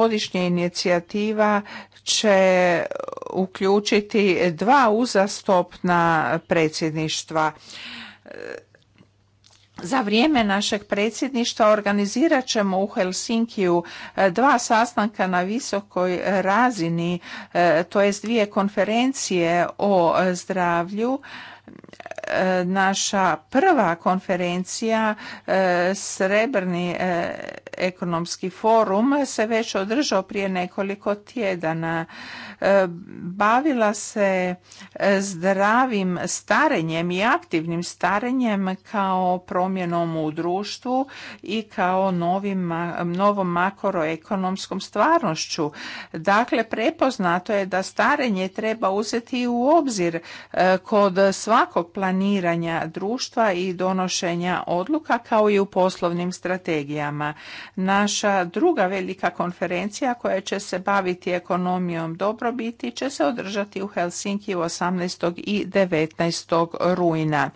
Godišnja inicijativa će uključiti dva uzastopna predsjedništva. Za vrijeme našeg predsjedništva organizirat ćemo u Helsinkiju e, dva sastanka na visokoj razini, e, to jest dvije konferencije o zdravlju. E, naša prva konferencija Srebrni ekonomski forum se već održao prije nekoliko tjedana. E, bavila se e, zdravim starenjem i aktivnim starenjem kao promjenom u društvu i kao novim, novom makroekonomskom stvarnošću. Dakle, prepoznato je da starenje treba uzeti u obzir e, kod svakog planiranja društva i donošenja odluka kao i u poslovnim strategijama. Naša druga velika konferencija koja će se baviti ekonomijom dobrobiti će se održati u Helsinki 18. i 19. rujna.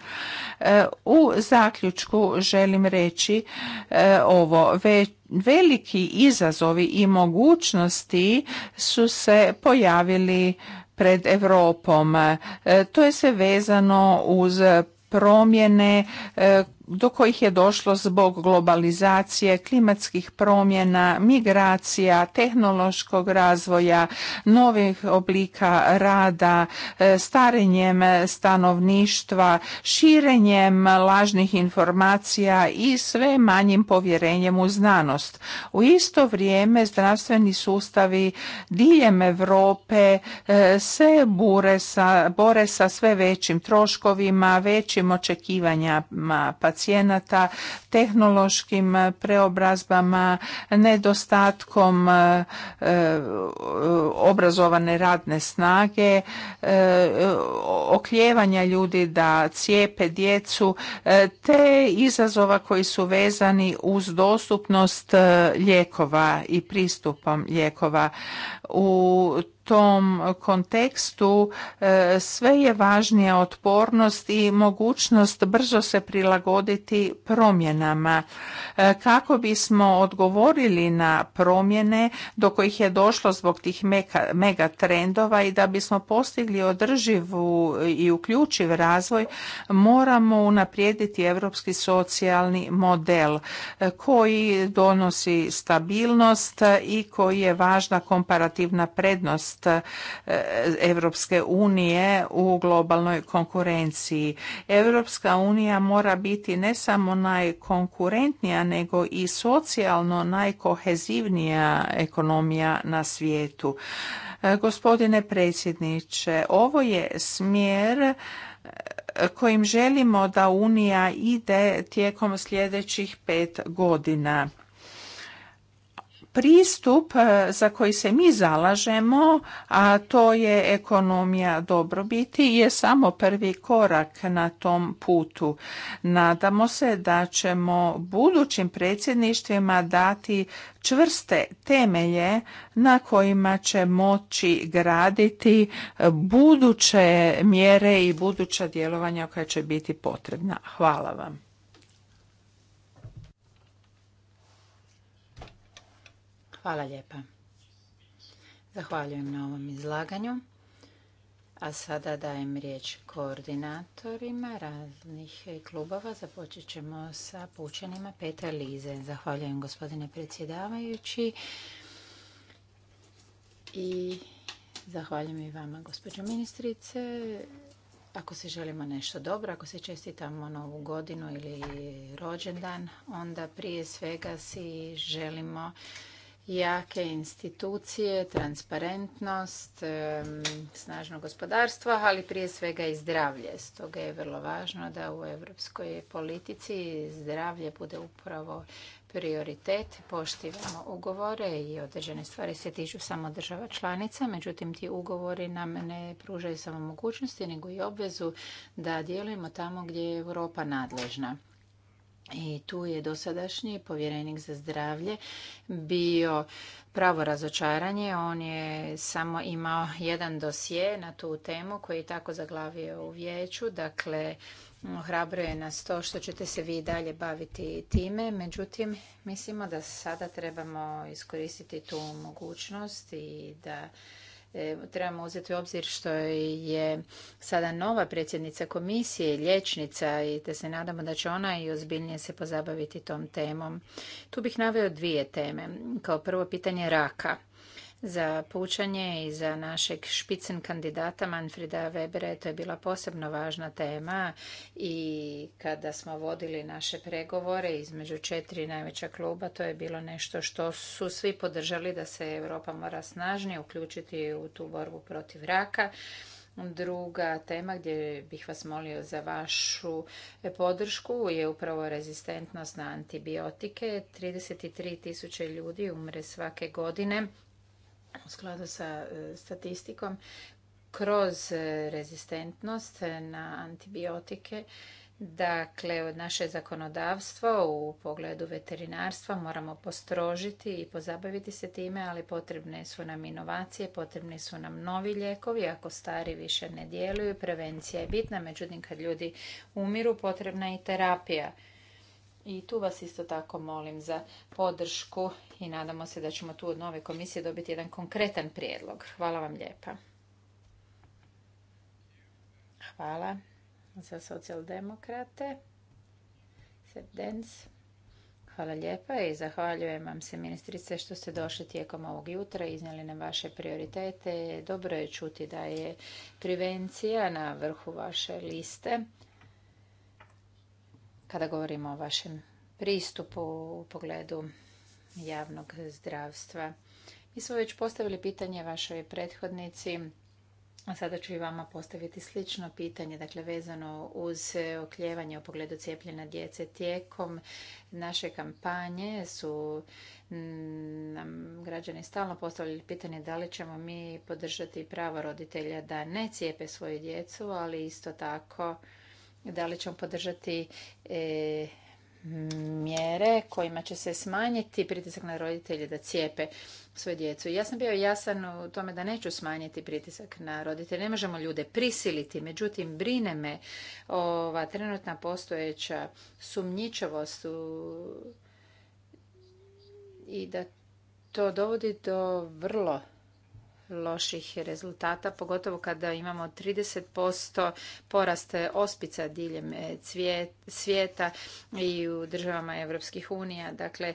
E, u zaključku želim reći e, ovo Veliki izazovi i mogućnosti su se pojavili pred Europom. E, to je se vezano uz promjene do kojih je došlo zbog globalizacije, klimatskih promjena, migracija, tehnološkog razvoja, novih oblika rada, e, starenjem stanovništva, širenjem lažnih informacija i sve manjim povjerenjem u znanost. U isto vrijeme zdravstveni sustavi diljem Europe e, se bure bore sa sve većim troškovima, većim očekivanjama pacijenta pacijenata, tehnološkim eh, preobrazbama, nedostatkom eh, eh, obrazovane radne snage, okljevanja ljudi da cijepe djecu, te izazova koji su vezani uz dostupnost lijekova i pristupom lijekova. U tom kontekstu e, sve je važnija otpornost i mogućnost brzo se prilagoditi promjenama. E, kako bismo odgovorili na promjene do kojih je došlo zbog tih megatrendova i da bismo postigli održivu i uključiv razvoj, moramo unaprijediti europski socijalni model e, koji donosi stabilnost i koji je važna komparativna prednost prednost Europske unije u globalnoj konkurenciji. Europska unija mora biti ne samo najkonkurentnija, nego i socijalno najkohezivnija ekonomija na svijetu. E, gospodine predsjedniče, ovo je smjer e, kojim želimo da Unija ide tijekom sljedećih pet godina pristup e, za koji se mi zalažemo, a to je ekonomija dobrobiti, je samo prvi korak na tom putu. Nadamo se da ćemo budućim predsjedništvima dati čvrste temelje na kojima će moći graditi buduće mjere i buduća djelovanja koja će biti potrebna. Hvala vam. Hvala lijepa. Zahvaljujem na ovom izlaganju. A sada dajem riječ koordinatorima raznih klubova. Započet ćemo sa pučanima Petra Lize. Zahvaljujem gospodine predsjedavajući i zahvaljujem i vama gospođo ministrice. Ako se želimo nešto dobro, ako se čestitamo novu godinu ili rođendan, onda prije svega si želimo jake institucije, transparentnost, snažno gospodarstvo, ali prije svega i zdravlje. Stoga je vrlo važno da u europskoj politici zdravlje bude upravo prioritet, poštivamo ugovore i određene stvari se tiču samo država članica, međutim ti ugovori nam ne pružaju samo mogućnosti, nego i obvezu da djelujemo tamo gdje je Europa nadležna. I tu je dosadašnji povjerenik za zdravlje bio pravo razočaranje. On je samo imao jedan dosje na tu temu koji je tako zaglavio u vijeću. Dakle, je nas to što ćete se vi dalje baviti time. Međutim, mislimo da sada trebamo iskoristiti tu mogućnost i da E, trebamo uzeti u obzir što je sada nova predsjednica komisije, liječnica i da se nadamo da će ona i ozbiljnije se pozabaviti tom temom. Tu bih naveo dvije teme. Kao prvo pitanje raka za pučanje i za našeg špicen kandidata manfreda Webera. To je bila posebno važna tema i kada smo vodili naše pregovore između četiri najveća kluba, to je bilo nešto što su svi podržali da se Europa mora snažnije uključiti u tu borbu protiv raka. Druga tema gdje bih vas molio za vašu podršku je upravo rezistentnost na antibiotike. 33 tisuće ljudi umre svake godine u skladu sa e, statistikom kroz e, rezistentnost na antibiotike. Dakle, od naše zakonodavstvo u pogledu veterinarstva moramo postrožiti i pozabaviti se time, ali potrebne su nam inovacije, potrebni su nam novi lijekovi, ako stari više ne djeluju, prevencija je bitna, međutim kad ljudi umiru potrebna je i terapija. I tu vas isto tako molim za podršku i nadamo se da ćemo tu od nove komisije dobiti jedan konkretan prijedlog. Hvala vam lijepa. Hvala za socijaldemokrate. Sredens. Hvala lijepa i zahvaljujem vam se ministrice što ste došli tijekom ovog jutra i iznijeli nam vaše prioritete. Dobro je čuti da je prevencija na vrhu vaše liste kada govorimo o vašem pristupu u pogledu javnog zdravstva. Mi smo već postavili pitanje vašoj prethodnici, a sada ću i vama postaviti slično pitanje, dakle vezano uz okljevanje u pogledu cijepljenja djece. Tijekom naše kampanje su mm, nam građani stalno postavljali pitanje da li ćemo mi podržati pravo roditelja da ne cijepe svoju djecu, ali isto tako da li ćemo podržati e, mjere kojima će se smanjiti pritisak na roditelje da cijepe svoje djecu. Ja sam bio jasan u tome da neću smanjiti pritisak na roditelje. Ne možemo ljude prisiliti, međutim brine me ova trenutna postojeća sumnjičavost u... i da to dovodi do vrlo loših rezultata, pogotovo kada imamo 30% poraste ospica diljem e, svijeta i u državama Evropskih unija. Dakle, e,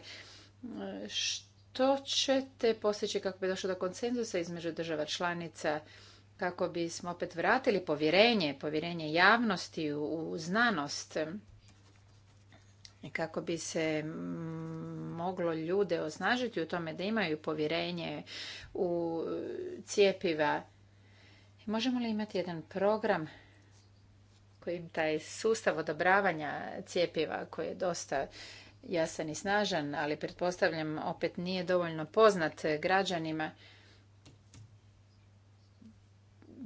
što ćete postići kako bi došlo do konsenzusa između država članica kako bismo opet vratili povjerenje, povjerenje javnosti u znanost? kako bi se mm, moglo ljude osnažiti u tome da imaju povjerenje u e, cijepiva. Možemo li imati jedan program kojim taj sustav odobravanja cijepiva koji je dosta jasan i snažan, ali pretpostavljam opet nije dovoljno poznat građanima,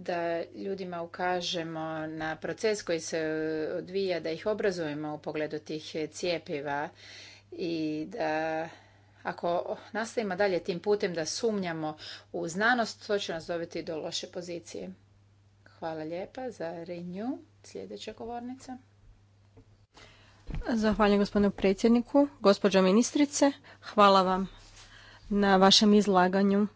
da ljudima ukažemo na proces koji se odvija, da ih obrazujemo u pogledu tih cijepiva i da ako nastavimo dalje tim putem da sumnjamo u znanost, to će nas dovesti do loše pozicije. Hvala lijepa za Renew. Sljedeća govornica. Zahvaljujem gospodinu predsjedniku, gospođo ministrice. Hvala vam na vašem izlaganju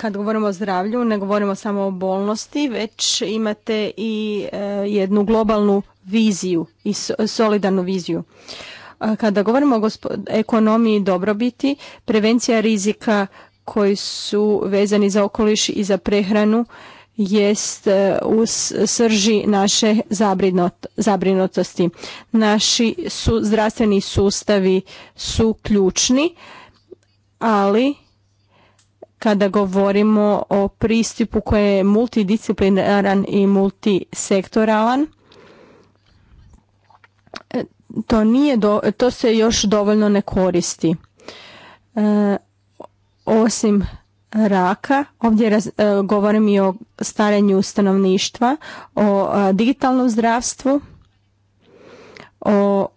kad govorimo o zdravlju ne govorimo samo o bolnosti, već imate i e, jednu globalnu viziju i solidarnu viziju. Kada govorimo o ekonomiji dobrobiti, prevencija rizika koji su vezani za okoliš i za prehranu jest e, u srži naše zabrinutosti. Naši zdravstveni sustavi su ključni, ali kada govorimo o pristupu koji je multidisciplinaran i multisektoralan. To, nije to se još dovoljno ne koristi. E, osim raka, ovdje e, govorim i o starenju stanovništva, o e, digitalnom zdravstvu, o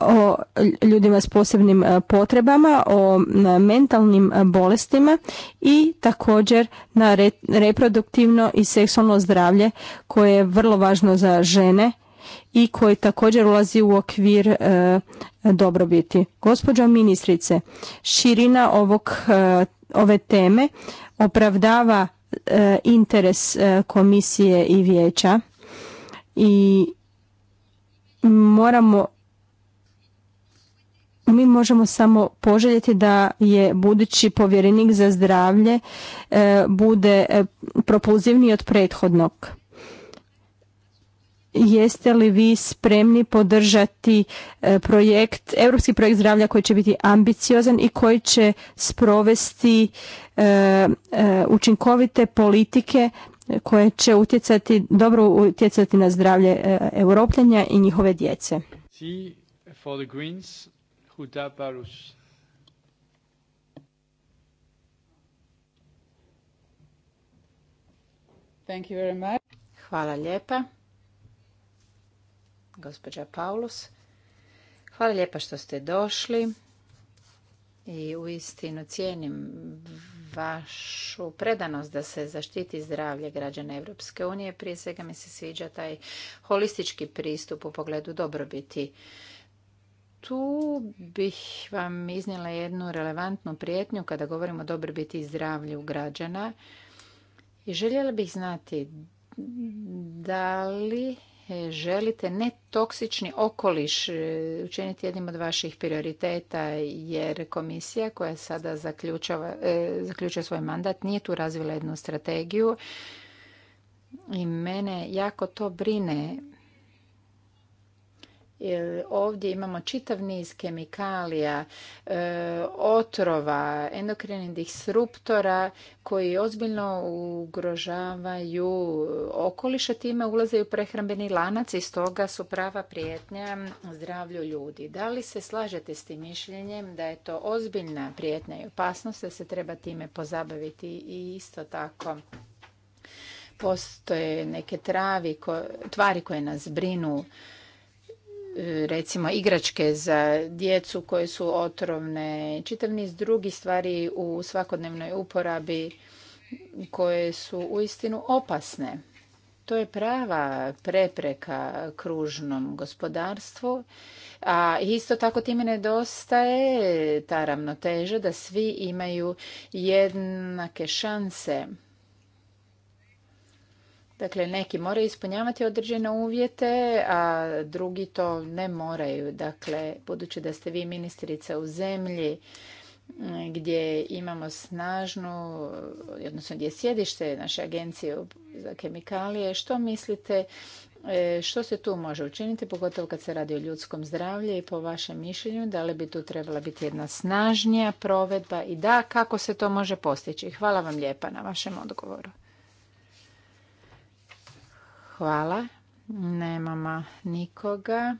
o ljudima s posebnim e, potrebama, o mentalnim e, bolestima i također na reproduktivno i seksualno zdravlje koje je vrlo važno za žene i koji također ulazi u okvir e, dobrobiti. Gospođo ministrice, širina ovog, ove teme opravdava interes komisije i vijeća i moramo mi možemo samo poželjeti da je budući povjerenik za zdravlje e, bude e, propulzivniji od prethodnog. Jeste li vi spremni podržati e, projekt, europski projekt zdravlja koji će biti ambiciozan i koji će sprovesti učinkovite politike koje će utjecati, dobro utjecati na zdravlje europljanja i njihove djece? Thank Hvala lijepa. Gospođa Paulus. Hvala lijepa što ste došli i uistinu cijenim vašu predanost da se zaštiti zdravlje građana Europske unije. Prije svega mi se sviđa taj holistički pristup u pogledu dobrobiti tu bih vam iznijela jednu relevantnu prijetnju kada govorimo o dobrobiti i zdravlju građana. I željela bih znati da li želite netoksični okoliš učiniti jednim od vaših prioriteta jer komisija koja sada e, zaključuje svoj mandat nije tu razvila jednu strategiju i mene jako to brine ovdje imamo čitav niz kemikalija, e, otrova, endokrinih disruptora koji ozbiljno ugrožavaju okoliš, a time ulaze u prehrambeni lanac i stoga su prava prijetnja zdravlju ljudi. Da li se slažete s tim mišljenjem da je to ozbiljna prijetnja i opasnost da se treba time pozabaviti i isto tako postoje neke travi, tvari koje nas brinu E, recimo igračke za djecu koje su otrovne, čitav niz drugih stvari u svakodnevnoj uporabi koje su uistinu opasne. To je prava prepreka kružnom gospodarstvu, a isto tako time nedostaje ta ravnoteža da svi imaju jednake šanse Dakle, neki moraju ispunjavati određene uvjete, a drugi to ne moraju. Dakle, budući da ste vi ministrica u zemlji gdje imamo snažnu, odnosno gdje je sjedište naše agencije za kemikalije, što mislite e, što se tu može učiniti, pogotovo kad se radi o ljudskom zdravlju i po vašem mišljenju, da li bi tu trebala biti jedna snažnija provedba i da, kako se to može postići? Hvala vam lijepa na vašem odgovoru. Hvala. Nemamo nikoga.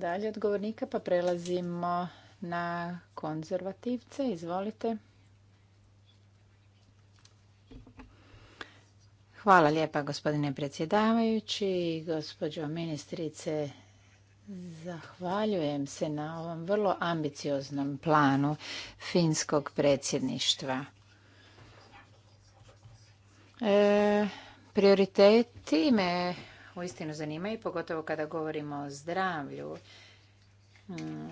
Dalje odgovornika pa prelazimo na konzervativce. Izvolite. Hvala lijepa gospodine predsjedavajući, gospođo ministrice. Zahvaljujem se na ovom vrlo ambicioznom planu finskog predsjedništva. E, Prioriteti me uistinu zanimaju, pogotovo kada govorimo o zdravlju. Mm,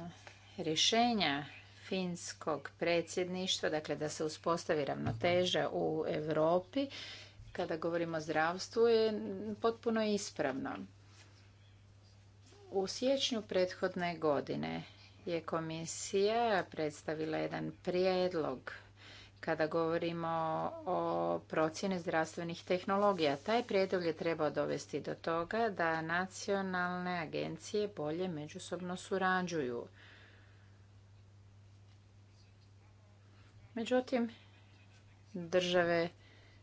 rješenja finskog predsjedništva, dakle da se uspostavi ravnoteža u Europi, kada govorimo o zdravstvu, je potpuno ispravno. U siječnju prethodne godine je komisija predstavila jedan prijedlog kada govorimo o procjeni zdravstvenih tehnologija. Taj prijedlog je trebao dovesti do toga da nacionalne agencije bolje međusobno surađuju. Međutim, države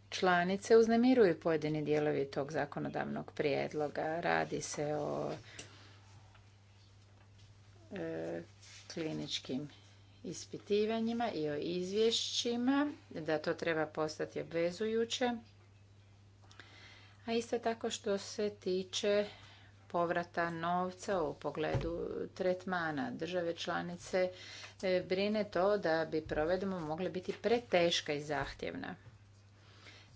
članice uznemiruju pojedini dijelovi tog zakonodavnog prijedloga. Radi se o e, kliničkim ispitivanjima i o izvješćima, da to treba postati obvezujuće. A isto tako što se tiče povrata novca u pogledu tretmana. Države članice e, brine to da bi provedemo mogle biti preteška i zahtjevna.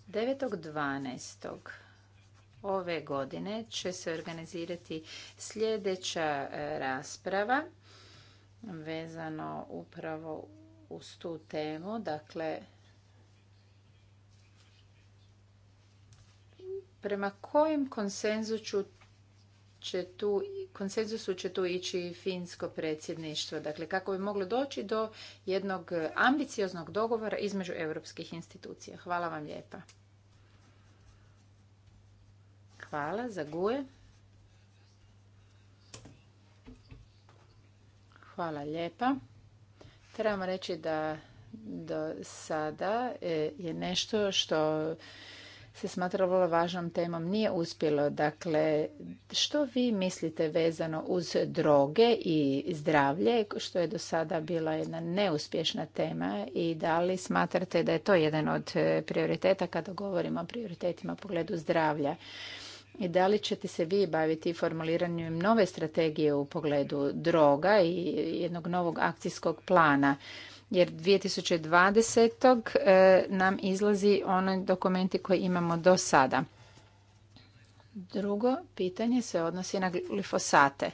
9.12. ove godine će se organizirati sljedeća e, rasprava vezano upravo uz tu temu. Dakle, prema kojem konsenzusu će tu, konsenzusu će tu ići finsko predsjedništvo. Dakle, kako bi moglo doći do jednog ambicioznog dogovora između europskih institucija. Hvala vam lijepa. Hvala za guje. Hvala lijepa. Trebamo reći da do sada e, je nešto što se smatralo vrlo važnom temom nije uspjelo. Dakle, što vi mislite vezano uz droge i zdravlje, što je do sada bila jedna neuspješna tema i da li smatrate da je to jedan od prioriteta kada govorimo o prioritetima u pogledu zdravlja? i da li ćete se vi baviti formuliranjem nove strategije u pogledu droga i jednog novog akcijskog plana? Jer 2020. E, nam izlazi onaj dokumenti koje imamo do sada. Drugo pitanje se odnosi na glifosate.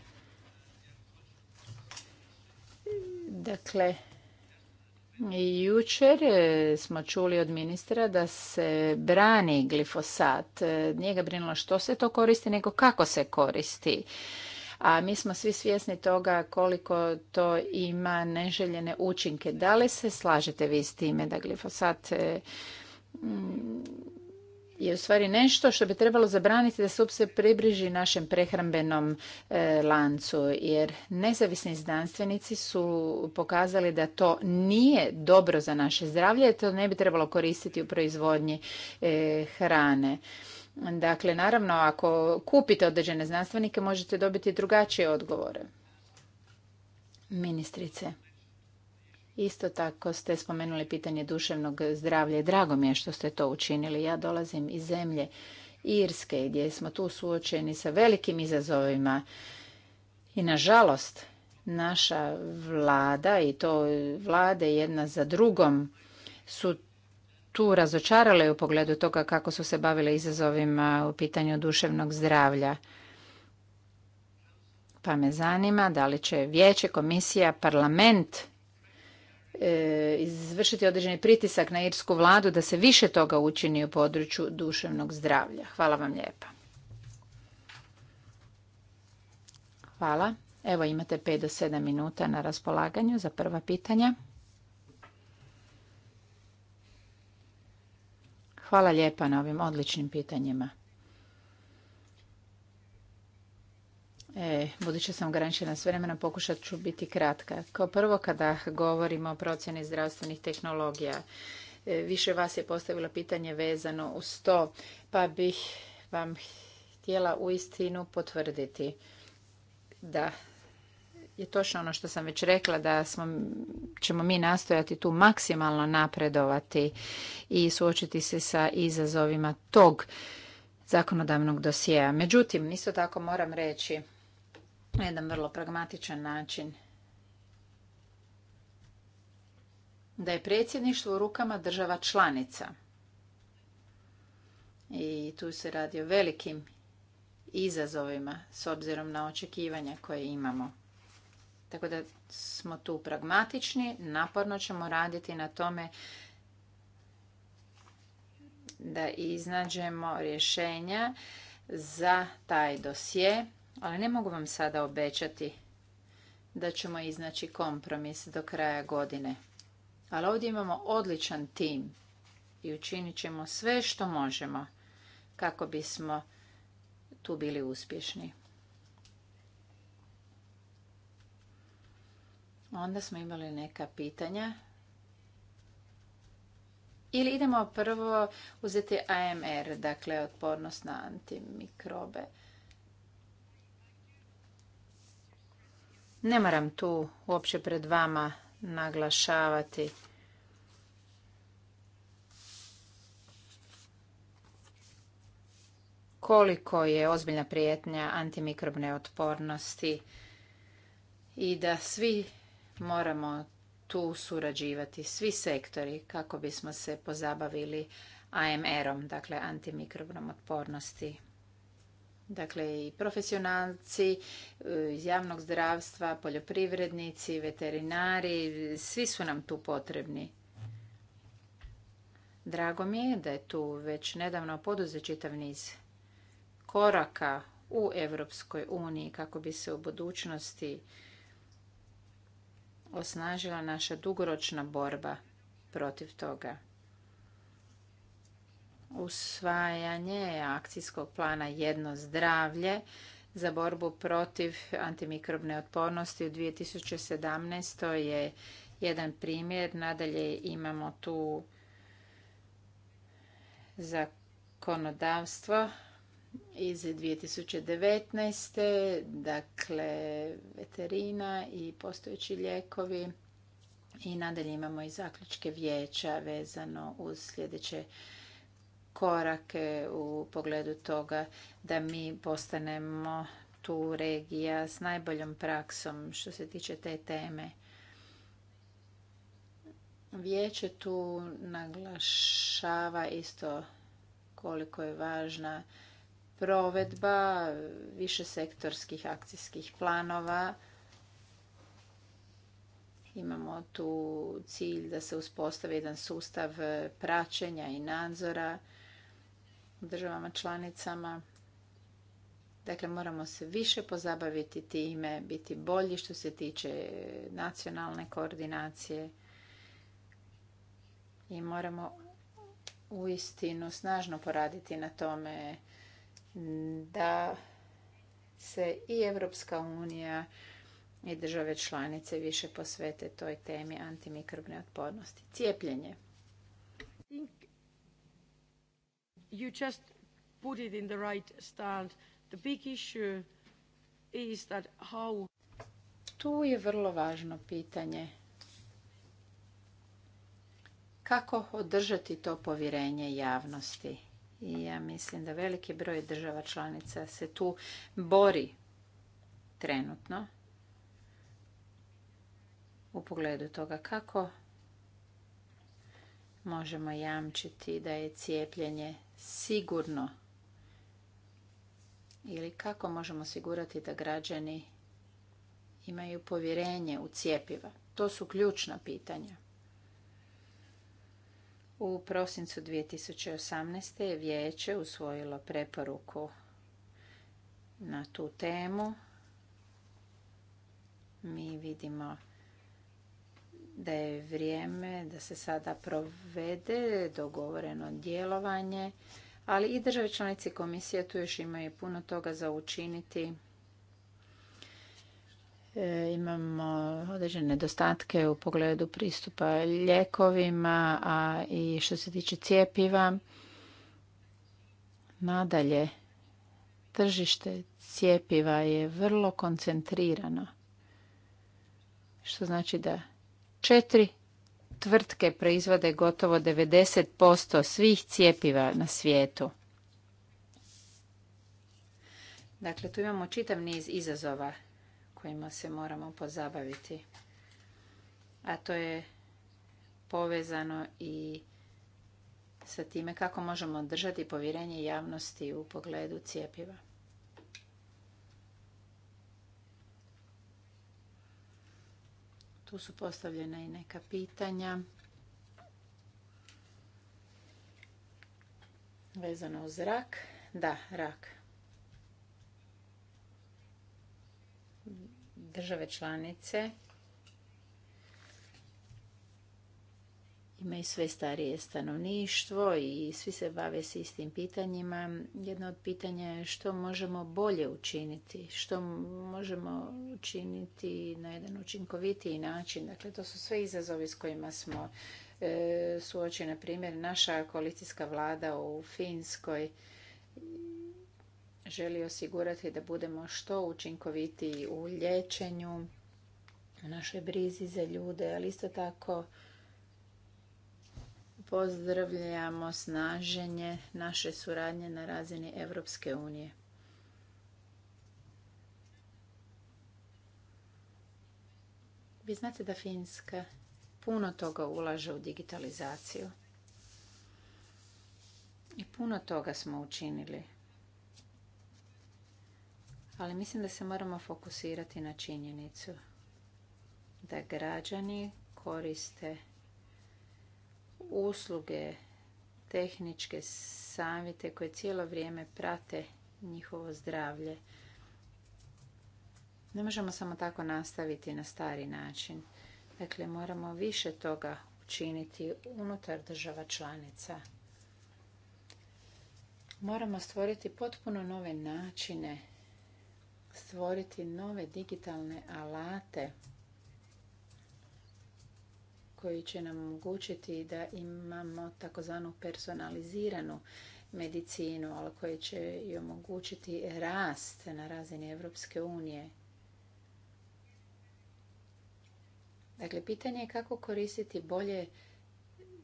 Dakle, Jučer e, smo čuli od ministra da se brani glifosat. E, nije ga brinulo što se to koristi, nego kako se koristi. A mi smo svi svjesni toga koliko to ima neželjene učinke. Da li se slažete vi s time da glifosat e, je u stvari nešto što bi trebalo zabraniti da se uopće približi našem prehrambenom e, lancu, jer nezavisni znanstvenici su pokazali da to nije dobro za naše zdravlje, to ne bi trebalo koristiti u proizvodnji e, hrane. Dakle, naravno, ako kupite određene znanstvenike, možete dobiti drugačije odgovore. Ministrice. Isto tako ste spomenuli pitanje duševnog zdravlja i drago mi je što ste to učinili. Ja dolazim iz zemlje Irske gdje smo tu suočeni sa velikim izazovima i nažalost naša vlada i to vlade jedna za drugom su tu razočarale u pogledu toga kako su se bavile izazovima u pitanju duševnog zdravlja. Pa me zanima da li će vijeće, komisija, parlament E, izvršiti određeni pritisak na irsku vladu da se više toga učini u području duševnog zdravlja. Hvala vam lijepa. Hvala. Evo imate 5 do 7 minuta na raspolaganju za prva pitanja. Hvala lijepa na ovim odličnim pitanjima. E, budući sam ograničena s vremena, pokušat ću biti kratka. Kao prvo, kada govorimo o procjeni zdravstvenih tehnologija, e, više vas je postavilo pitanje vezano uz to, pa bih vam htjela u istinu potvrditi da je točno ono što sam već rekla da smo, ćemo mi nastojati tu maksimalno napredovati i suočiti se sa izazovima tog zakonodavnog dosjea. Međutim, isto tako moram reći na jedan vrlo pragmatičan način. Da je predsjedništvo u rukama država članica. I tu se radi o velikim izazovima s obzirom na očekivanja koje imamo. Tako da smo tu pragmatični, naporno ćemo raditi na tome da iznađemo rješenja za taj dosje ali ne mogu vam sada obećati da ćemo iznaći kompromis do kraja godine. Ali ovdje imamo odličan tim i učinit ćemo sve što možemo kako bismo tu bili uspješni. Onda smo imali neka pitanja. Ili idemo prvo uzeti AMR, dakle otpornost na antimikrobe. Ne moram tu uopće pred vama naglašavati koliko je ozbiljna prijetnja antimikrobne otpornosti i da svi moramo tu surađivati, svi sektori, kako bismo se pozabavili AMR-om, dakle antimikrobnom otpornosti. Dakle, i profesionalci e, iz javnog zdravstva, poljoprivrednici, veterinari, svi su nam tu potrebni. Drago mi je da je tu već nedavno poduze čitav niz koraka u Europskoj uniji kako bi se u budućnosti osnažila naša dugoročna borba protiv toga usvajanje akcijskog plana Jedno zdravlje za borbu protiv antimikrobne otpornosti u 2017. je jedan primjer. Nadalje imamo tu zakonodavstvo iz 2019. Dakle, veterina i postojeći ljekovi. I nadalje imamo i zaključke vijeća vezano uz sljedeće korake u pogledu toga da mi postanemo tu regija s najboljom praksom što se tiče te teme. Vijeće tu naglašava isto koliko je važna provedba više sektorskih akcijskih planova. Imamo tu cilj da se uspostavi jedan sustav praćenja i nadzora državama članicama. Dakle, moramo se više pozabaviti time, biti bolji što se tiče nacionalne koordinacije i moramo uistinu snažno poraditi na tome da se i Evropska unija i države članice više posvete toj temi antimikrobne otpornosti. Cijepljenje you just put it in the right stand. The big issue is that how... Tu je vrlo važno pitanje. Kako održati to povjerenje javnosti? I ja mislim da veliki broj država članica se tu bori trenutno u pogledu toga kako možemo jamčiti da je cijepljenje sigurno ili kako možemo osigurati da građani imaju povjerenje u cijepiva? To su ključna pitanja. U prosincu 2018. je vijeće usvojilo preporuku na tu temu. Mi vidimo da je vrijeme da se sada provede dogovoreno djelovanje, ali i države članice komisije tu još imaju puno toga za učiniti. E, imamo određene nedostatke u pogledu pristupa ljekovima, a i što se tiče cijepiva. Nadalje, tržište cijepiva je vrlo koncentrirano, što znači da Četiri tvrtke proizvode gotovo 90% svih cijepiva na svijetu. Dakle, tu imamo čitav niz izazova kojima se moramo pozabaviti. A to je povezano i sa time kako možemo držati povjerenje javnosti u pogledu cijepiva. Tu su postavljena i neka pitanja vezana uz rak. Da, rak. Države članice i sve starije stanovništvo i svi se bave s istim pitanjima. Jedno od pitanja je što možemo bolje učiniti, što možemo učiniti na jedan učinkovitiji način. Dakle, to su sve izazovi s kojima smo e, suočeni. Na primjer, naša koalicijska vlada u Finskoj želi osigurati da budemo što učinkovitiji u liječenju, u našoj brizi za ljude, ali isto tako Pozdravljamo snaženje naše suradnje na razini Europske unije. Vi znate da Finska puno toga ulaže u digitalizaciju. I puno toga smo učinili. Ali mislim da se moramo fokusirati na činjenicu da građani koriste usluge, tehničke savjete koje cijelo vrijeme prate njihovo zdravlje. Ne možemo samo tako nastaviti na stari način. Dakle, moramo više toga učiniti unutar država članica. Moramo stvoriti potpuno nove načine, stvoriti nove digitalne alate koji će nam omogućiti da imamo takozvanu personaliziranu medicinu, ali koji će i omogućiti rast na razini Europske unije. Dakle, pitanje je kako koristiti bolje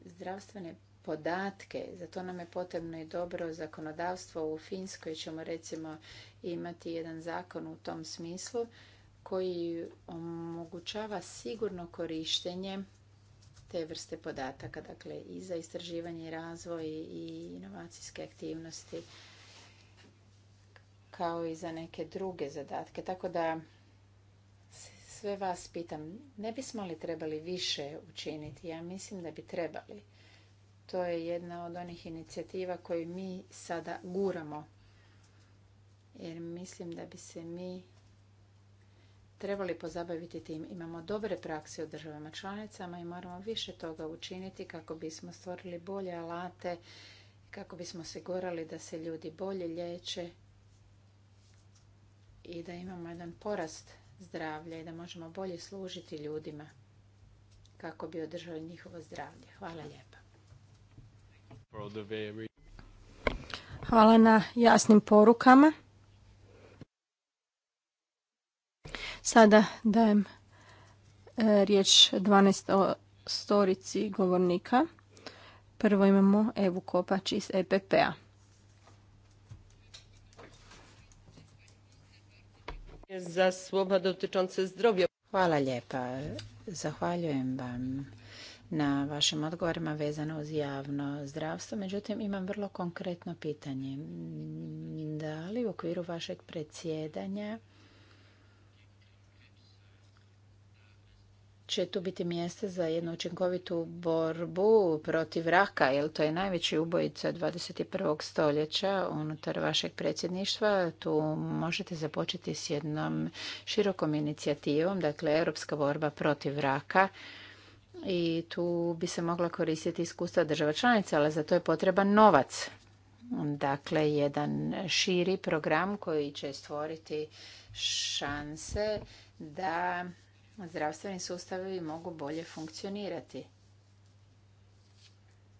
zdravstvene podatke. Za to nam je potrebno i dobro zakonodavstvo. U Finskoj ćemo recimo imati jedan zakon u tom smislu koji omogućava sigurno korištenje te vrste podataka, dakle i za istraživanje i razvoj i inovacijske aktivnosti, kao i za neke druge zadatke. Tako da sve vas pitam, ne bismo li trebali više učiniti? Ja mislim da bi trebali. To je jedna od onih inicijativa koju mi sada guramo. Jer mislim da bi se mi trebali pozabaviti tim. Imamo dobre prakse u državama članicama i moramo više toga učiniti kako bismo stvorili bolje alate, kako bismo osigurali da se ljudi bolje liječe i da imamo jedan porast zdravlja i da možemo bolje služiti ljudima kako bi održali njihovo zdravlje. Hvala lijepa. Hvala na jasnim porukama. Sada dajem e, riječ 12 storici govornika. Prvo imamo Evu Kopač iz EPP-a. Za svoba zdrowia. Hvala lijepa. Zahvaljujem vam na vašim odgovorima vezano uz javno zdravstvo. Međutim, imam vrlo konkretno pitanje. Da li u okviru vašeg predsjedanja će tu biti mjesta za jednu učinkovitu borbu protiv raka, jer to je najveći ubojica 21. stoljeća unutar vašeg predsjedništva. Tu možete započeti s jednom širokom inicijativom, dakle Europska borba protiv raka. I tu bi se mogla koristiti iskustva država članica, ali za to je potreban novac. Dakle, jedan širi program koji će stvoriti šanse da zdravstveni sustavi mogu bolje funkcionirati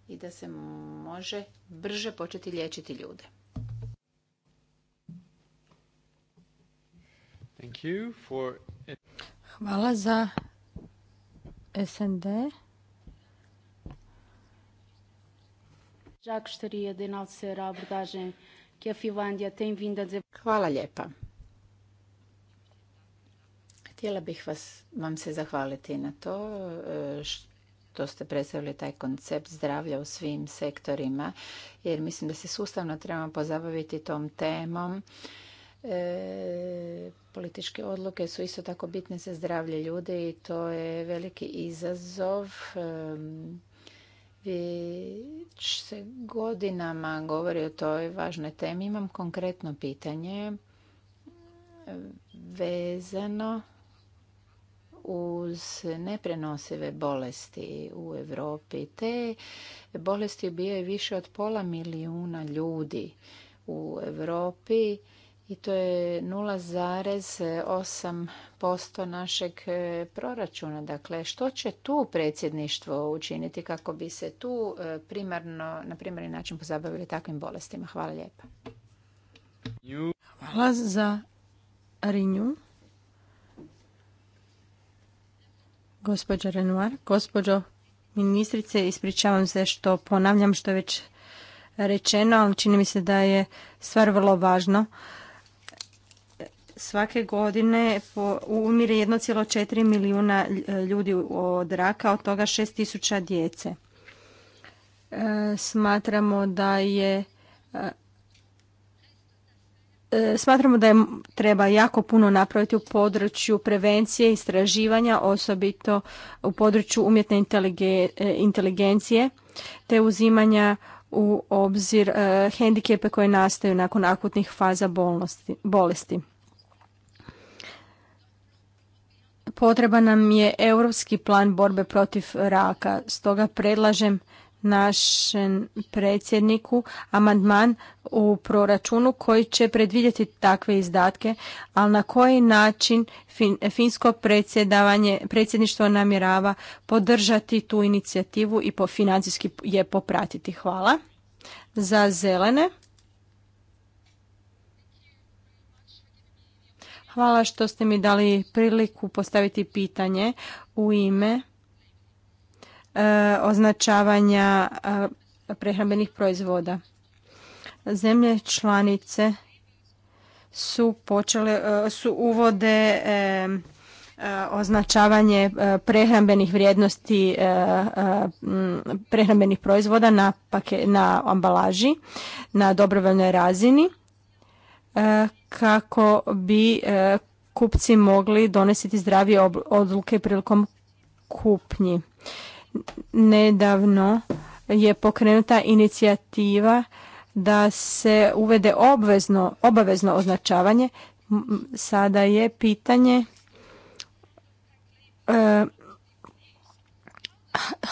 i da se može brže početi liječiti ljude. Thank you for... Hvala za SND. Hvala lijepa. Htjela bih vas, vam se zahvaliti na to e, što ste predstavili taj koncept zdravlja u svim sektorima, jer mislim da se sustavno trebamo pozabaviti tom temom. E, političke odluke su isto tako bitne za zdravlje ljudi i to je veliki izazov. E, se godinama govori o toj važnoj temi. Imam konkretno pitanje e, vezano uz neprenosive bolesti u Europi. Te bolesti bio više od pola milijuna ljudi u Europi i to je 0,8% našeg e, proračuna. Dakle, što će tu predsjedništvo učiniti kako bi se tu e, primarno, na primarni način pozabavili takvim bolestima? Hvala lijepa. Hvala za Rinju. Gospođo Renoir, gospođo ministrice, ispričavam se što ponavljam što je već rečeno, ali čini mi se da je stvar vrlo važno. Svake godine umire 1,4 milijuna ljudi od raka, od toga 6 tisuća djece. E, smatramo da je E, smatramo da je, treba jako puno napraviti u području prevencije, istraživanja, osobito u području umjetne e, inteligencije, te uzimanja u obzir e, hendikepe koje nastaju nakon akutnih faza bolesti. Potreban nam je europski plan borbe protiv raka, stoga predlažem našem predsjedniku amandman u proračunu koji će predvidjeti takve izdatke, ali na koji način finsko predsjedavanje, predsjedništvo namjerava podržati tu inicijativu i po, financijski je popratiti. Hvala. Za zelene. Hvala što ste mi dali priliku postaviti pitanje u ime Eh, označavanja eh, prehrambenih proizvoda. Zemlje članice su počele, eh, su uvode označavanje prehrambenih vrijednosti prehrambenih proizvoda na, na ambalaži na dobrovoljnoj razini kako bi kupci mogli donositi zdravije odluke prilikom kupnji nedavno je pokrenuta inicijativa da se uvede obvezno, obavezno označavanje. Sada je pitanje e,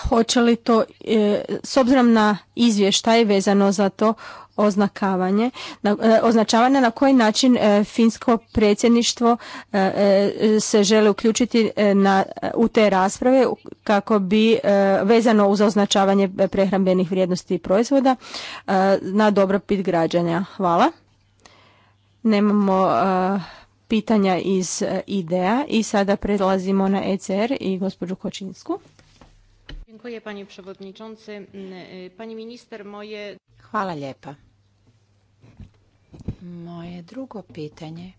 hoće li to, e, s obzirom na izvještaj vezano za to, oznakavanje, na, e, označavanje na koji način e, finsko predsjedništvo e, se želi uključiti u te rasprave kako bi vezano uz označavanje prehrambenih vrijednosti i proizvoda na dobrobit građana. Hvala. Nemamo pitanja iz IDEA i sada prelazimo na ECR i gospođu Kočinsku. Mm, e, Hvala lijepa. Moje drugo pitanje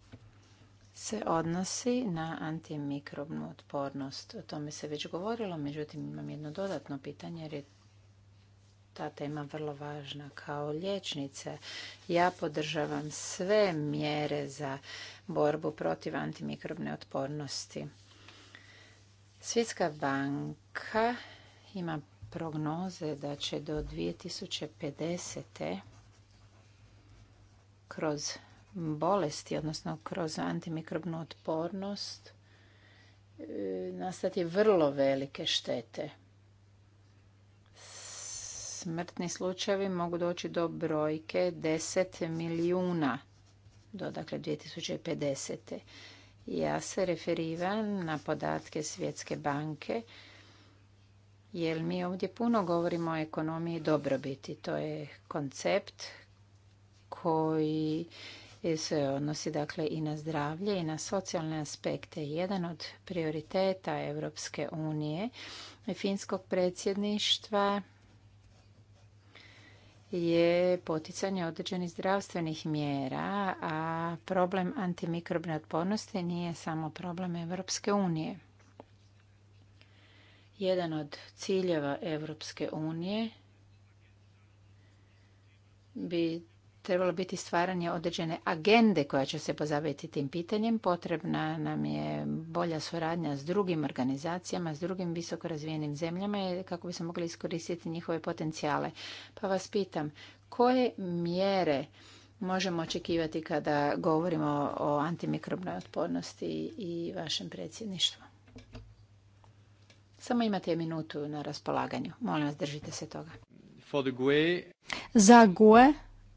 se odnosi na antimikrobnu otpornost. O tome se već govorilo, međutim imam jedno dodatno pitanje jer je ta tema vrlo važna kao liječnica. Ja podržavam sve mjere za borbu protiv antimikrobne otpornosti. Svjetska banka ima prognoze da će do 2050. kroz bolesti, odnosno kroz antimikrobnu otpornost, e, nastati vrlo velike štete. Smrtni slučajevi mogu doći do brojke 10 milijuna do dakle 2050. Ja se referiram na podatke Svjetske banke jer mi ovdje puno govorimo o ekonomiji dobrobiti. To je koncept koji se odnosi dakle i na zdravlje i na socijalne aspekte. Jedan od prioriteta Europske unije i finskog predsjedništva je poticanje određenih zdravstvenih mjera, a problem antimikrobne otpornosti nije samo problem Europske unije jedan od ciljeva Europske unije bi trebalo biti stvaranje određene agende koja će se pozabaviti tim pitanjem. Potrebna nam je bolja suradnja s drugim organizacijama, s drugim visoko razvijenim zemljama kako bi se mogli iskoristiti njihove potencijale. Pa vas pitam, koje mjere možemo očekivati kada govorimo o antimikrobnoj otpornosti i vašem predsjedništvu? Samo imate minutu na raspolaganju. Molim vas, držite se toga. For the GUE. Za GUE,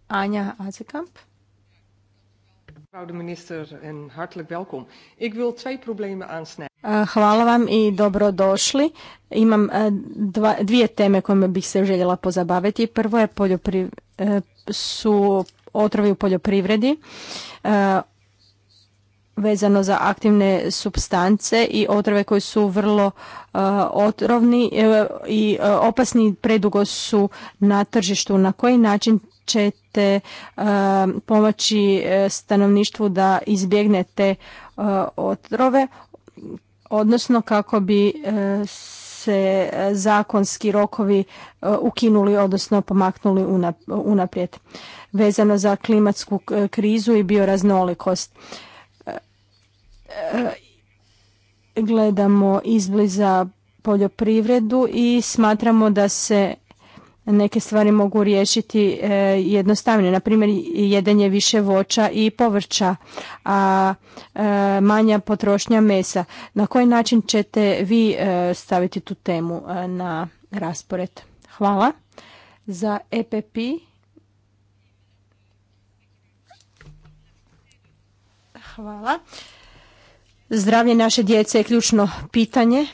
Anja Azekamp. Eh, hvala vam i dobrodošli. Imam eh, dvije teme kojima bih se željela pozabaviti. Prvo je poljopriv, eh, su otrovi u poljoprivredi vezano za aktivne substance i otrove koji su vrlo e, otrovni e, i e, opasni predugo su na tržištu. Na koji način ćete pomoći stanovništvu da izbjegne te otrove, odnosno kako bi se zakonski rokovi ukinuli, odnosno pomaknuli unaprijed vezano za klimatsku krizu i bioraznolikost. E, gledamo izbliza poljoprivredu i smatramo da se neke stvari mogu riješiti e, jednostavnije. Na primjer, jedenje više voća i povrća, a e, manja potrošnja mesa. Na koji način ćete vi staviti tu temu na raspored? Hvala. Za EPP Hvala. Zdravlje naše djece je ključno pitanje,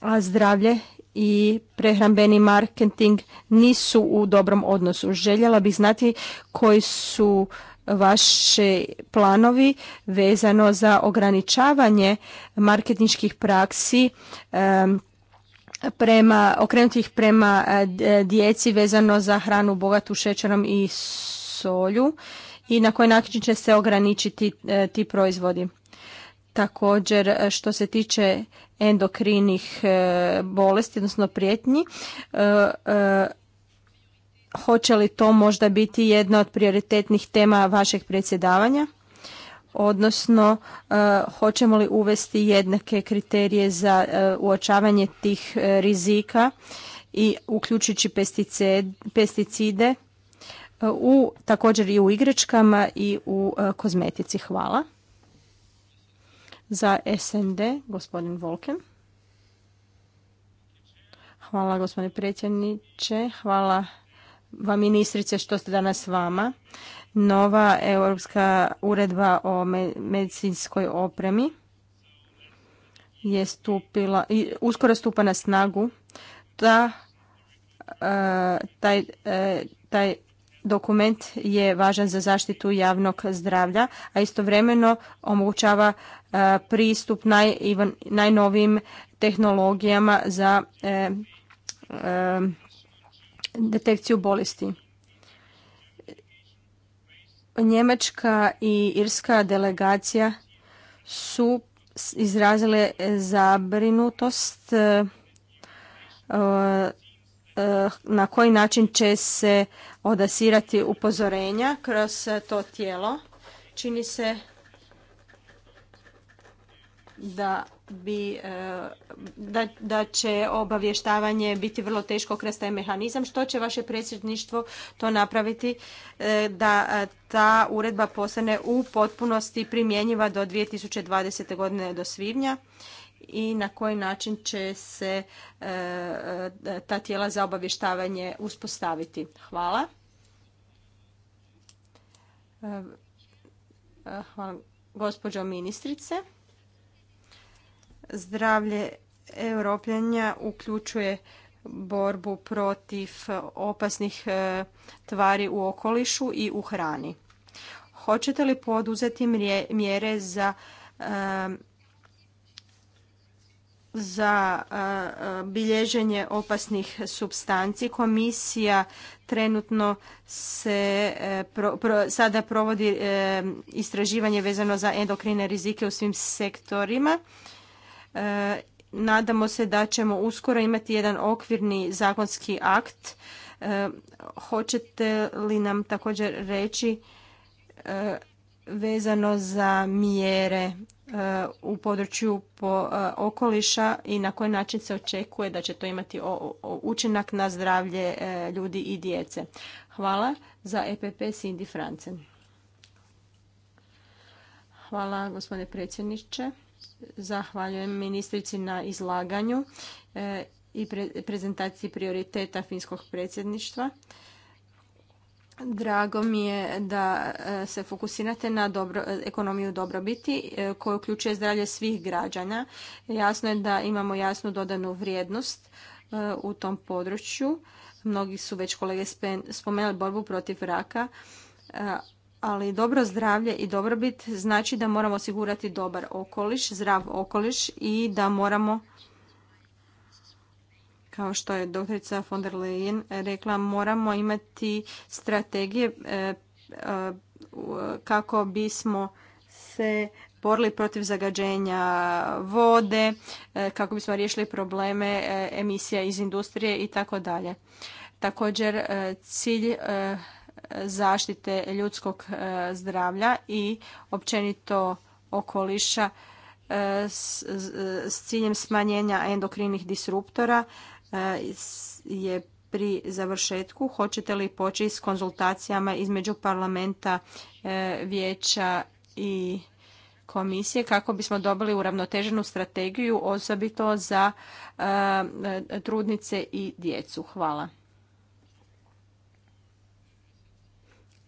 a zdravlje i prehrambeni marketing nisu u dobrom odnosu. Željela bih znati koji su vaši planovi vezano za ograničavanje marketinških praksi prema, okrenutih prema e, djeci vezano za hranu bogatu šećerom i solju i na koji način će se ograničiti e, ti proizvodi. Također e, što se tiče endokrinih e, bolesti, odnosno prijetnji, e, hoće li to možda biti jedna od prioritetnih tema vašeg predsjedavanja? odnosno hoćemo li uvesti jednake kriterije za uočavanje tih rizika i uključujući pesticide također i u igračkama i u kozmetici. Hvala. Za SND, gospodin Volken. Hvala gospodine predsjedniče, hvala vam ministrice što ste danas s vama. Nova europska uredba o medicinskoj opremi je stupila, uskoro stupa na snagu. Ta, e, taj, e, taj dokument je važan za zaštitu javnog zdravlja, a istovremeno omogućava e, pristup naj, najnovijim tehnologijama za e, e, detekciju bolesti. Njemačka i irska delegacija su izrazile zabrinutost Eh, na koji način će se odasirati upozorenja kroz eh, to tijelo. Čini se da bi eh, da, da će obavještavanje biti vrlo teško kroz taj mehanizam. Što će vaše predsjedništvo to napraviti da ta uredba postane u potpunosti primjenjiva do 2020. godine do svibnja i na koji način će se e, e, ta tijela za obavještavanje uspostaviti. Hvala. E, hvala gospođo ministrice. Zdravlje europljanja uključuje borbu protiv opasnih tvari u okolišu i u hrani. Hoćete li poduzeti mjere za za bilježenje opasnih substanci. Komisija trenutno se e, sada provodi e, istraživanje vezano za endokrine rizike u svim sektorima. E, nadamo se da ćemo uskoro imati jedan okvirni zakonski akt. Hoćete li nam također reći vezano za mjere e, u području e, okoliša i na koji način se očekuje da će to imati učinak na zdravlje e, ljudi i djece. Hvala za EPP Cindy Francen. Hvala gospodine predsjedniče. Zahvaljujem ministrici na izlaganju i prezentaciji prioriteta finskog predsjedništva. Drago mi je da e, se fokusirate na dobro, e, ekonomiju dobrobiti e, koja uključuje zdravlje svih građana. Jasno je da imamo jasnu dodanu vrijednost u tom području. Mnogi su već kolege spomenuli borbu protiv raka, ali dobro zdravlje i dobrobit znači da moramo osigurati dobar okoliš, zdrav okoliš i da moramo kao što je doktorica von der Leyen rekla, moramo imati strategije e, e, kako bismo se borili protiv zagađenja vode, e, kako bismo riješili probleme emisija iz industrije i tako dalje. Također cilj zaštite ljudskog zdravlja i općenito okoliša s ciljem smanjenja endokrinih disruptora je pri završetku. Hoćete li poći s konzultacijama između parlamenta, e, vijeća i komisije kako bismo dobili uravnoteženu strategiju osobito za trudnice i djecu. Hvala.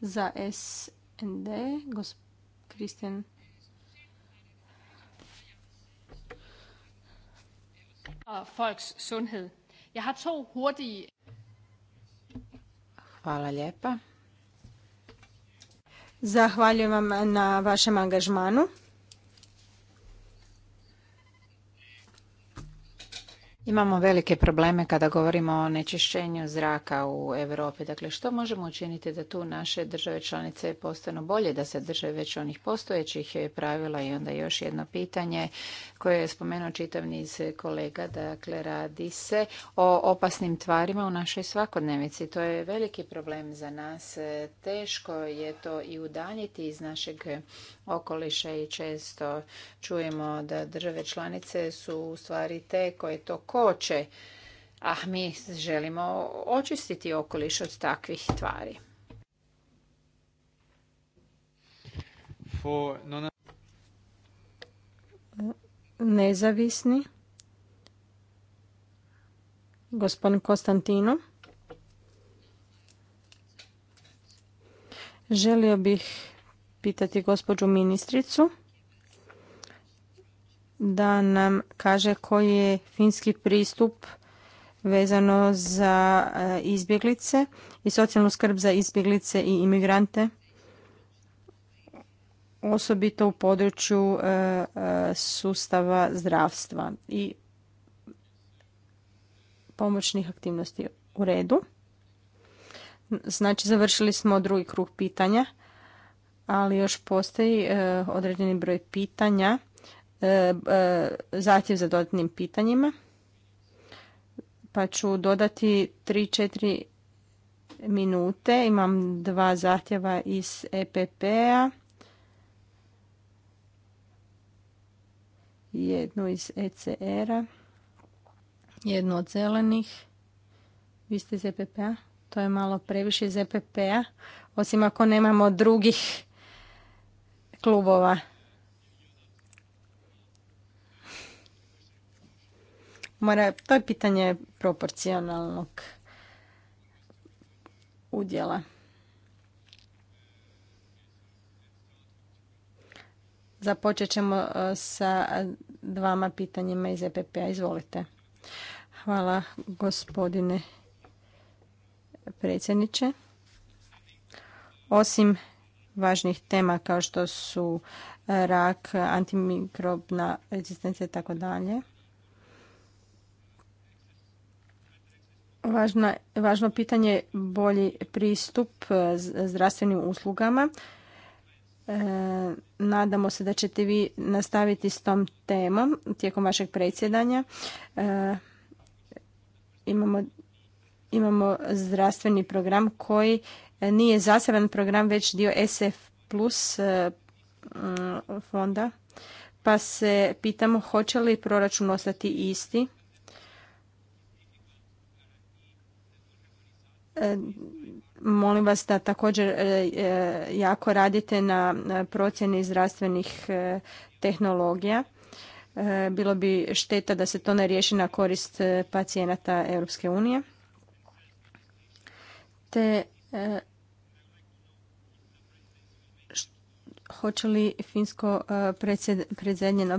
Za SND, Kristijan. Folks Jeg har to hurtige... Hvala lijepa. Zahvaljujem vam na vašem angažmanu. Imamo velike probleme kada govorimo o nečišćenju zraka u Europi. Dakle, što možemo učiniti da tu naše države članice postanu bolje, da se drže već onih postojećih pravila i onda još jedno pitanje koje je spomenuo čitav niz kolega. Dakle, radi se o opasnim tvarima u našoj svakodnevici. To je veliki problem za nas. Teško je to i udaljiti iz našeg okoliša i često čujemo da države članice su u stvari te koje to koče, Ah, mi želimo očistiti okoliš od takvih tvari. Nezavisni. Gospodin Konstantino. Želio bih pitati gospođu ministricu da nam kaže koji je finski pristup vezano za e, izbjeglice i socijalnu skrb za izbjeglice i imigrante, osobito u području e, e, sustava zdravstva i pomoćnih aktivnosti u redu. Znači, završili smo drugi krug pitanja, ali još postoji određeni broj pitanja E, e, zahtjev za dodatnim pitanjima. Pa ću dodati 3-4 minute. Imam dva zahtjeva iz EPP-a. Jednu iz ECR-a. Jednu od zelenih. Vi ste iz EPP-a? To je malo previše iz EPP-a. Osim ako nemamo drugih klubova mora, to je pitanje proporcionalnog udjela. Započet ćemo e, sa dvama pitanjima iz EPP-a. Izvolite. Hvala gospodine predsjedniče. Osim važnih tema kao što su e, rak, antimikrobna rezistencija i tako dalje, Važna, važno pitanje bolji pristup e, zdravstvenim uslugama. E, nadamo se da ćete vi nastaviti s tom temom tijekom vašeg predsjedanja. E, imamo, imamo zdravstveni program koji nije zaseban program, već dio SF plus fonda. Pa se pitamo hoće li proračun ostati isti Molim vas da također e, e, jako radite na procjeni zdravstvenih e, tehnologija. Bilo bi šteta da se to ne riješi na korist pacijenata Europske unije. Te hoće li finsko predsjedanje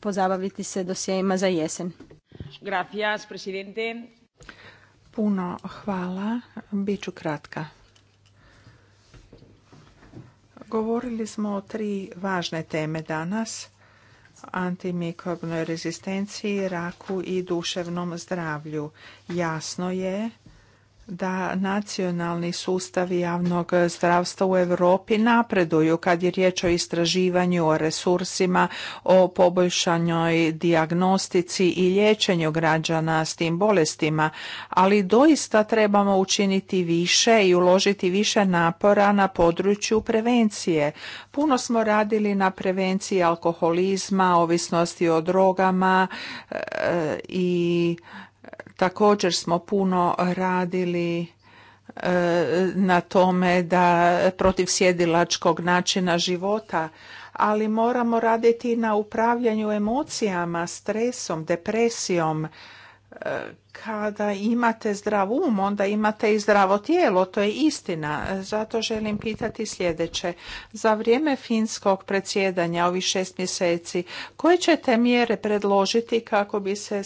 pozabaviti se dosjeima za jesen? Gracias, presidente. Puno hvala. Biću kratka. Govorili smo o tri važne teme danas. Antimikrobnoj rezistenciji, raku i duševnom zdravlju. Jasno je da nacionalni sustavi javnog zdravstva u Europi napreduju kad je riječ o istraživanju, o resursima, o poboljšanoj dijagnostici i liječenju građana s tim bolestima, ali doista trebamo učiniti više i uložiti više napora na području prevencije. Puno smo radili na prevenciji alkoholizma, ovisnosti o drogama e, i Također smo puno radili e, na tome da protiv sjedilačkog načina života, ali moramo raditi na upravljanju emocijama, stresom, depresijom kada imate zdrav um, onda imate i zdravo tijelo, to je istina. Zato želim pitati sljedeće. Za vrijeme finskog predsjedanja ovih šest mjeseci, koje ćete mjere predložiti kako bi se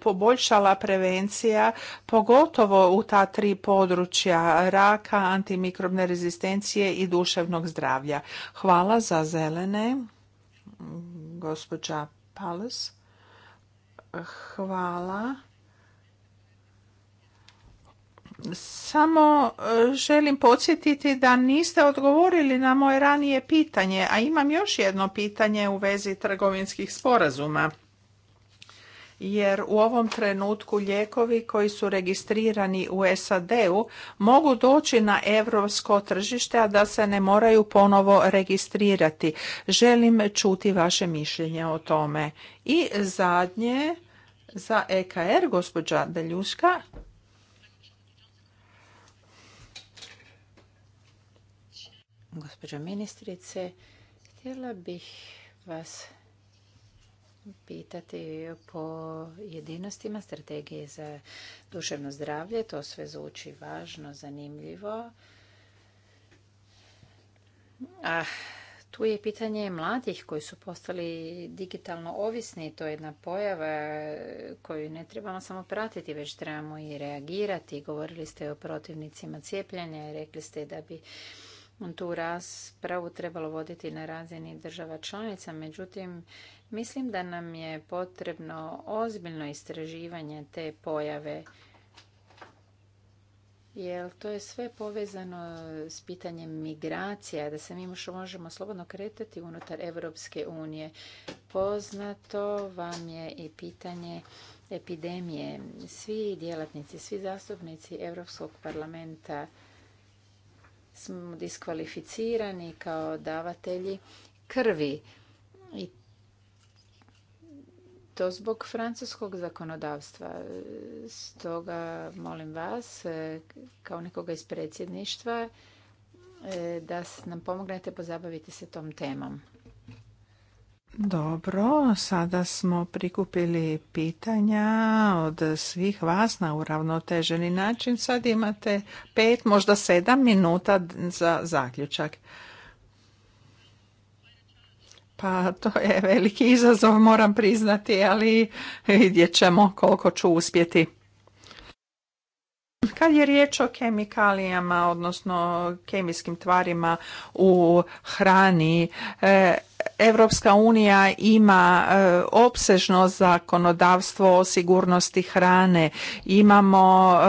poboljšala prevencija, pogotovo u ta tri područja raka, antimikrobne rezistencije i duševnog zdravlja? Hvala za zelene, gospođa Palas. Hvala. Samo e, želim podsjetiti da niste odgovorili na moje ranije pitanje, a imam još jedno pitanje u vezi trgovinskih sporazuma. Jer u ovom trenutku lijekovi koji su registrirani u SAD-u mogu doći na europsko tržište, a da se ne moraju ponovo registrirati. Želim čuti vaše mišljenje o tome. I zadnje, za EKR, gospođa Deljuška. Gospođo ministrice, htjela bih vas pitati po jedinostima strategije za duševno zdravlje. To sve zvuči važno, zanimljivo. Ah, tu je pitanje mladih koji su postali digitalno ovisni. To je jedna pojava koju ne trebamo samo pratiti, već trebamo i reagirati. Govorili ste o protivnicima cijepljenja i rekli ste da bi tu raspravu trebalo voditi na razini država članica. Međutim, mislim da nam je potrebno ozbiljno istraživanje te pojave Jel to je sve povezano s pitanjem migracija, da se mi možemo slobodno kretati unutar Europske unije. Poznato vam je i pitanje epidemije. Svi djelatnici, svi zastupnici Europskog parlamenta smo diskvalificirani kao davatelji krvi. I to zbog francuskog zakonodavstva. Stoga molim vas, e, kao nekoga iz predsjedništva, e, da nam pomognete pozabaviti se tom temom. Dobro, sada smo prikupili pitanja od svih vas na uravnoteženi način. Sad imate pet, možda sedam minuta za zaključak. Pa to je veliki izazov, moram priznati, ali vidjet ćemo koliko ću uspjeti. Kad je riječ o kemikalijama, odnosno kemijskim tvarima u hrani, e, Europska unija ima e, opsežno zakonodavstvo o sigurnosti hrane. Imamo e,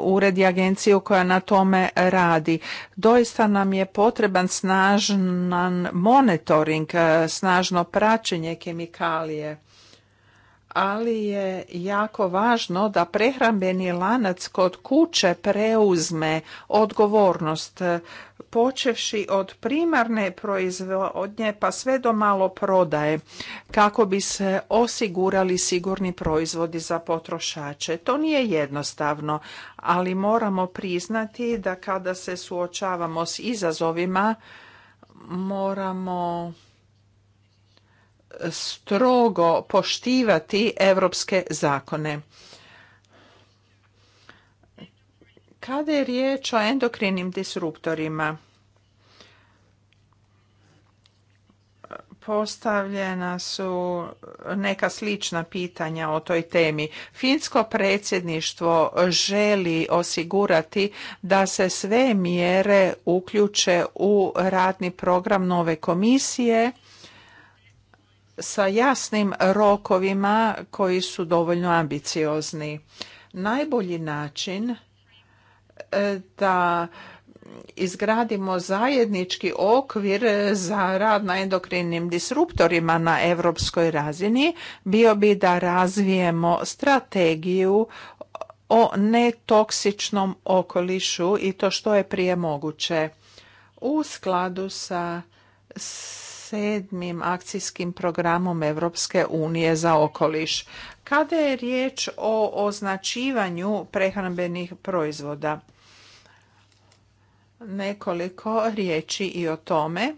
ured i agenciju koja na tome radi. Doista nam je potreban snažan monitoring, e, snažno praćenje kemikalije ali je jako važno da prehrambeni lanac kod kuće preuzme odgovornost počevši od primarne proizvodnje pa sve do malo prodaje kako bi se osigurali sigurni proizvodi za potrošače. To nije jednostavno, ali moramo priznati da kada se suočavamo s izazovima moramo strogo poštivati europske zakone. Kada je riječ o endokrinim disruptorima, Postavljena su neka slična pitanja o toj temi. Finsko predsjedništvo želi osigurati da se sve mjere uključe u radni program nove komisije sa jasnim rokovima koji su dovoljno ambiciozni. Najbolji način e, da izgradimo zajednički okvir za rad na endokrinim disruptorima na europskoj razini bio bi da razvijemo strategiju o netoksičnom okolišu i to što je prije moguće. U skladu sa sedmim akcijskim programom Europske unije za okoliš. Kada je riječ o označivanju prehrambenih proizvoda, nekoliko riječi i o tome.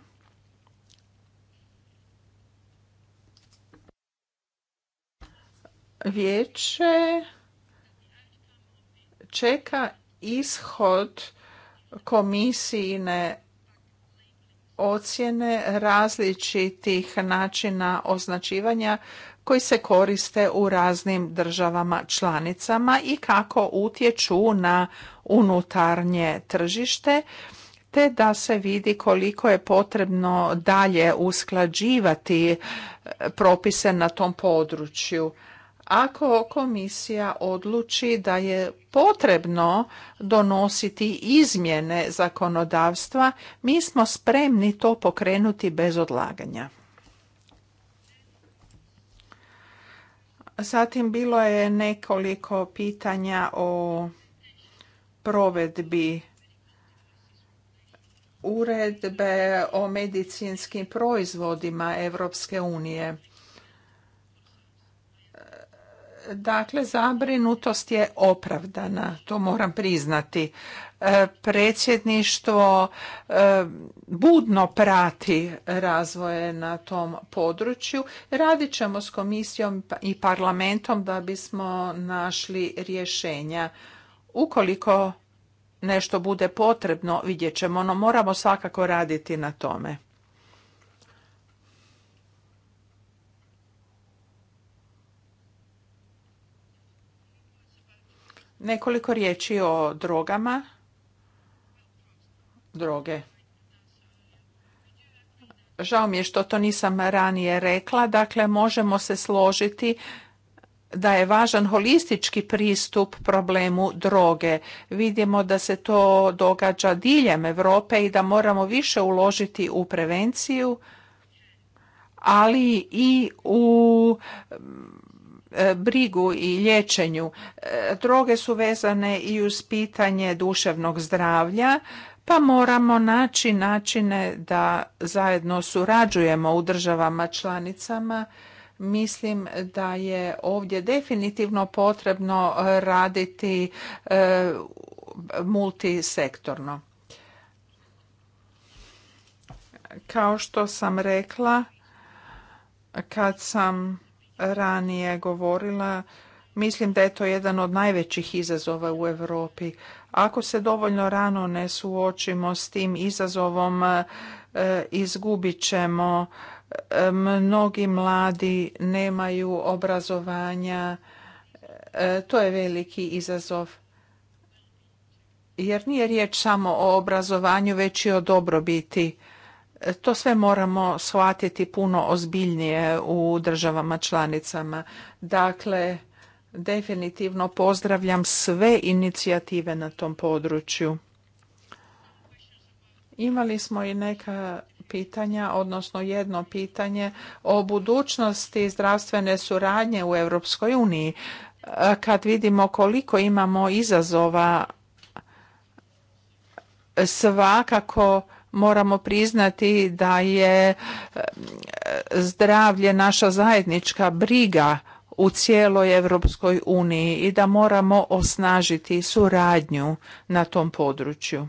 Vijeće čeka ishod komisijine ocjene različitih načina označivanja koji se koriste u raznim državama članicama i kako utječu na unutarnje tržište te da se vidi koliko je potrebno dalje usklađivati e, propise na tom području. Ako komisija odluči da je potrebno donositi izmjene zakonodavstva, mi smo spremni to pokrenuti bez odlaganja. Zatim bilo je nekoliko pitanja o provedbi uredbe o medicinskim proizvodima Europske unije. Dakle, zabrinutost je opravdana, to moram priznati. E, predsjedništvo e, budno prati razvoje na tom području. Radit ćemo s komisijom i parlamentom da bismo našli rješenja. Ukoliko nešto bude potrebno, vidjet ćemo, no moramo svakako raditi na tome. Nekoliko riječi o drogama droge. Žao mi je što to nisam ranije rekla, dakle možemo se složiti da je važan holistički pristup problemu droge. Vidimo da se to događa diljem Europe i da moramo više uložiti u prevenciju, ali i u e, brigu i liječenju. E, droge su vezane i uz pitanje duševnog zdravlja pa moramo naći načine da zajedno surađujemo u državama članicama. Mislim da je ovdje definitivno potrebno raditi e, multisektorno. Kao što sam rekla, kad sam ranije govorila, mislim da je to jedan od najvećih izazova u Europi. Ako se dovoljno rano ne suočimo s tim izazovom, e, izgubit ćemo. E, mnogi mladi nemaju obrazovanja. E, to je veliki izazov. Jer nije riječ samo o obrazovanju, već i o dobrobiti. To sve moramo shvatiti puno ozbiljnije u državama članicama. Dakle, Definitivno pozdravljam sve inicijative na tom području. Imali smo i neka pitanja, odnosno jedno pitanje o budućnosti zdravstvene suradnje u Europskoj uniji. Kad vidimo koliko imamo izazova, svakako moramo priznati da je eh, zdravlje naša zajednička briga u cijeloj Europskoj uniji i da moramo osnažiti suradnju na tom području.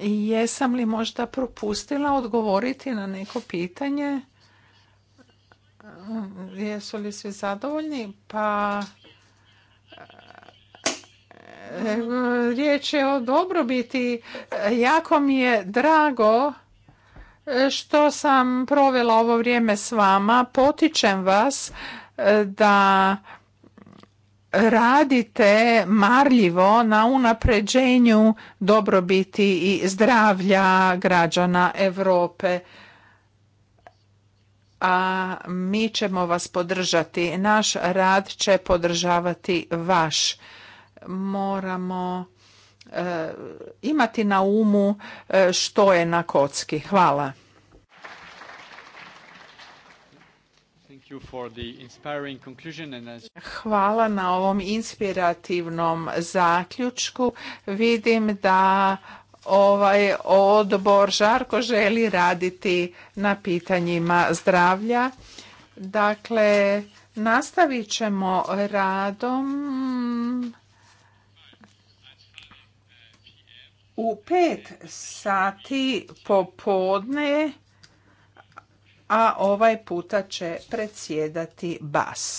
Jesam li možda propustila odgovoriti na neko pitanje? Jesu li svi zadovoljni? Pa Riječ je o dobrobiti. Jako mi je drago e, što sam provela ovo vrijeme s vama. Potičem vas e, da radite marljivo na unapređenju dobrobiti i zdravlja građana Europe. A mi ćemo vas podržati. Naš rad će podržavati vaš moramo e, imati na umu e, što je na kocki. Hvala. Hvala na ovom inspirativnom zaključku. Vidim da ovaj odbor žarko želi raditi na pitanjima zdravlja. Dakle, nastavit ćemo radom u pet sati popodne, a ovaj puta će predsjedati Bas.